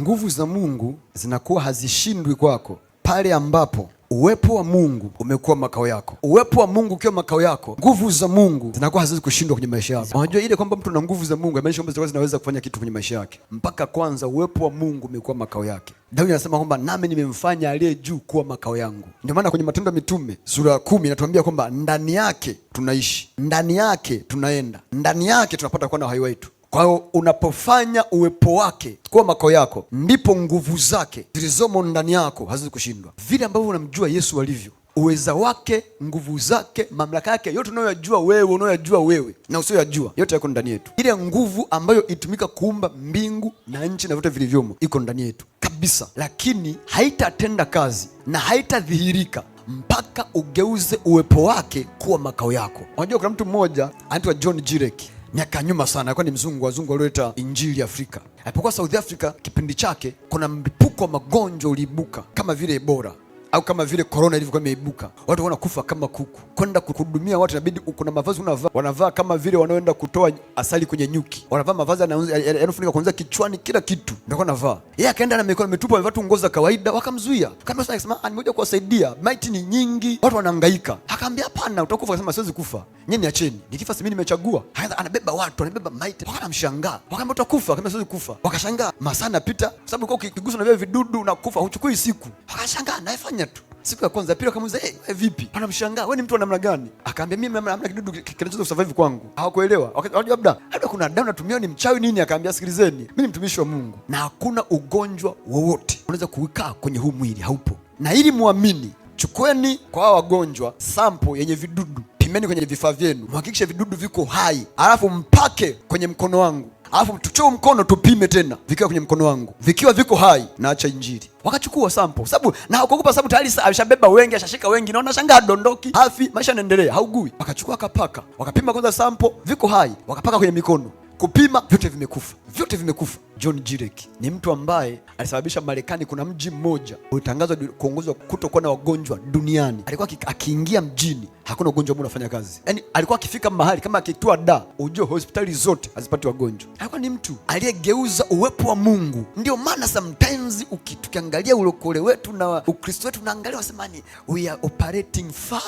Nguvu za Mungu zinakuwa hazishindwi kwako pale ambapo uwepo wa Mungu umekuwa makao yako. Uwepo wa Mungu ukiwa makao yako, nguvu za Mungu zinakuwa haziwezi kushindwa kwenye maisha yako. Unajua ile kwamba mtu na nguvu za Mungu haimaanishi kwamba zinaweza kufanya kitu kwenye maisha yake, mpaka kwanza uwepo wa Mungu umekuwa makao yake. Daudi anasema kwamba nami nimemfanya aliye juu kuwa makao yangu. Ndio maana kwenye Matendo ya Mitume sura ya kumi inatuambia kwamba ndani yake tunaishi, ndani yake tunaenda, ndani yake tunapata kuwa na uhai wetu. Kwa hiyo unapofanya uwepo wake kuwa makao yako, ndipo nguvu zake zilizomo ndani yako haziwezi kushindwa. Vile ambavyo unamjua Yesu alivyo, uweza wake, nguvu zake, mamlaka yake, yote unayoyajua wewe, unayoyajua wewe na usiyoyajua, yote yako ndani yetu. Ile nguvu ambayo itumika kuumba mbingu na nchi na vyote vilivyomo iko ndani yetu kabisa, lakini haitatenda kazi na haitadhihirika mpaka ugeuze uwepo wake kuwa makao yako. Unajua, kuna mtu mmoja anaitwa John Jirek miaka nyuma sana, alikuwa ni mzungu, wazungu walioleta injili Afrika. Alipokuwa South Africa kipindi chake, kuna mlipuko wa magonjwa uliibuka kama vile Ebola au kama vile korona ilivyokuwa imeibuka, watu wanakufa kama kuku. Kwenda kuhudumia watu inabidi uko na mavazi unavaa, wanavaa kama vile wanaoenda kutoa asali kwenye nyuki, wanavaa mavazi yanayofunika kuanzia kichwani, kila kitu ndio wanavaa. yeye. akaenda na mikono mitupu, amevaa tu nguo za kawaida, wakamzuia. Kama sasa Akasema ah, nimekuja kuwasaidia, maiti ni nyingi, watu wanahangaika. Akaambia hapana, utakufa. Akasema siwezi kufa, nyie niacheni, nikifa si mimi nimechagua. Anabeba watu, anabeba maiti, wakamshangaa, wakaambia utakufa. Akaambia siwezi kufa, wakashangaa. Masaa napita, kwa sababu ukigusa na vile vidudu unakufa, huchukui siku, wakashangaa naefanya moja tu siku ya kwanza pili, akamuuliza hey, eh, vipi? Anamshangaa, wewe ni mtu wa namna gani? Akaambia mimi namna kidudu kinachoweza kusurvive kwangu. Hawakuelewa, wakati labda labda kuna damu natumia ni mchawi nini. Akaambia sikilizeni, mimi ni mtumishi wa Mungu na hakuna ugonjwa wowote unaweza kuikaa kwenye huu mwili, haupo. Na ili muamini, chukweni kwa hao wagonjwa sampo yenye vidudu, pimeni kwenye vifaa vyenu, muhakikishe vidudu viko hai, alafu mpake kwenye mkono wangu alafu tuchoo mkono tupime tena, vikiwa kwenye mkono wangu, vikiwa viko hai naacha Injili. Wakachukua sampo, sababu na hakuogopa, sababu tayari alishabeba wengi, ashashika wengi, naona shangaa dondoki hafi, maisha yanaendelea, haugui. Wakachukua kapaka wakapima kwanza sampo, viko hai, wakapaka kwenye mikono, kupima, vyote vimekufa, vyote vimekufa. John Jirek ni mtu ambaye alisababisha Marekani, kuna mji mmoja ulitangazwa kuongozwa kutokuwa na wagonjwa duniani. Alikuwa akiingia mjini hakuna ugonjwa ambao unafanya kazi, yaani alikuwa akifika mahali kama akitua da, ujue hospitali zote hazipati wagonjwa. Alikuwa ni mtu aliyegeuza uwepo wa Mungu. Ndio maana sometimes tukiangalia ulokole wetu na Ukristo wetu unaangalia wasemani, we are operating far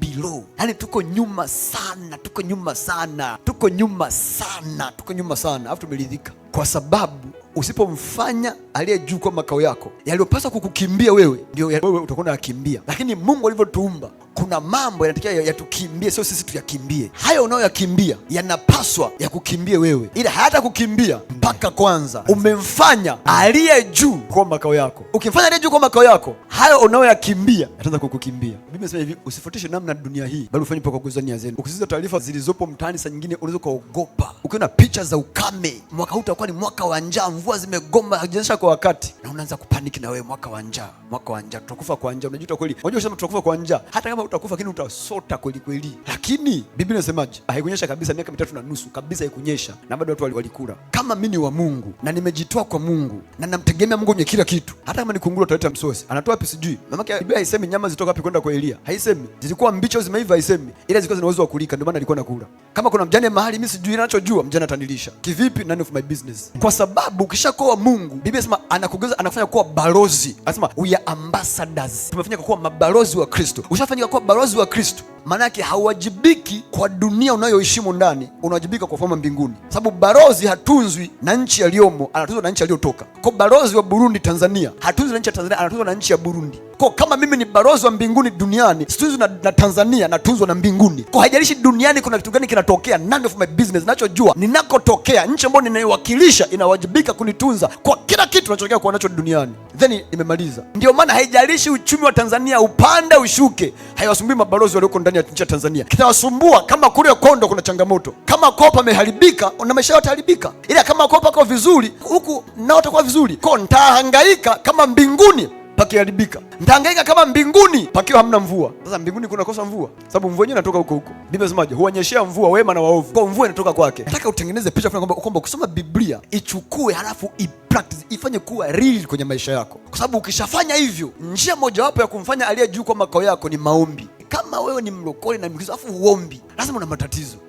below, yaani tuko nyuma sana, tuko nyuma sana, tuko nyuma sana, tuko nyuma sana, alafu tumeridhika kwa sababu usipomfanya aliye juu kuwa makao yako, yaliyopaswa kukukimbia wewe ndio wewe utakuwa unakimbia. Lakini Mungu alivyotuumba, kuna mambo yanatakiwa yatukimbie, sio sisi tuyakimbie. Hayo unayoyakimbia yanapaswa yakukimbie wewe, ila kukimbia mpaka kwanza umemfanya aliye juu kwa makao yako. Ukimfanya aliye juu kwa makao yako hayo unayoyakimbia yataanza kukukimbia. Biblia inasema hivi, usifuatishe namna dunia hii, bali ufanye kwa kuguza nia zenu. Ukisikiza taarifa zilizopo mtaani, saa nyingine unaweza ukaogopa. Ukiona picha za ukame, mwaka huu utakuwa ni mwaka wa njaa, mvua zimegoma hazijanyesha kwa wakati, na unaanza kupaniki na wewe, mwaka wa njaa, mwaka wa njaa, tutakufa kwa njaa. Unajuta kweli, unajua sema tutakufa kwa njaa, hata kama utakufa lakini utasota kweli kweli. Lakini Biblia inasemaje? Haikunyesha kabisa miaka mitatu na nusu kabisa, haikunyesha na bado watu walikula. Kama mimi ni wa Mungu na nimejitoa kwa Mungu na namtegemea Mungu kwenye kila kitu, hata kama ni kunguru ataleta msosi, anatoa sijui. mamake Biblia haisemi nyama zitoka wapi kwenda kwa Elia, haisemi zilikuwa mbicho zimeiva, haisemi, ila zilikuwa zina uwezo wa kulika, ndio maana alikuwa nakula. Kama kuna mjane mahali mimi sijui ninachojua, mjane atanilisha kivipi? None of my business, kwa sababu ukishakoa Mungu, Biblia inasema anakugeuza, anakufanya kuwa balozi, anasema we are ambassadors. Tumefanyika kuwa mabalozi wa Kristo, ushafanyika kuwa balozi wa Kristo maanake hauwajibiki kwa dunia unayoishimu ndani, unawajibika kwa ufalme mbinguni, sababu balozi hatunzwi na nchi aliyomo, anatunzwa na nchi aliyotoka. Kwa balozi wa Burundi Tanzania hatunzwi na nchi ya Tanzania, anatunzwa na nchi ya Burundi ko kama mimi ni balozi wa mbinguni duniani, situnzwi na, na Tanzania, natunzwa na mbinguni. Ko haijalishi duniani kuna kitu gani kinatokea, none of my business. Nachojua ninakotokea, nchi ambayo ninaiwakilisha inawajibika kunitunza kwa kila kitu nachotokea kuwa nacho duniani, then imemaliza. Ndio maana haijalishi uchumi wa Tanzania upande ushuke, haiwasumbui mabalozi walioko ndani ya nchi ya Tanzania. Kitawasumbua kama kule Kondo kuna changamoto, kama Kopa ameharibika na maisha yote haribika, ila kama Kopa kwa vizuri huku nao watakuwa vizuri, ko nitahangaika kama mbinguni pakiharibika, ntahangaika kama mbinguni pakiwa hamna mvua. Sasa mbinguni kunakosa mvua, sababu mvua yenyewe inatoka huko huko. Biblia inasemaje? Huonyeshea mvua wema na waovu, kwa mvua inatoka kwake. Nataka utengeneze picha fulani kwamba kusoma Biblia ichukue, halafu practice ifanye kuwa real kwenye maisha yako, kwa sababu ukishafanya hivyo, njia mojawapo ya kumfanya aliye juu kwa makao yako ni maombi. Kama wewe ni mlokole na Mkristo afu uombi, lazima una matatizo.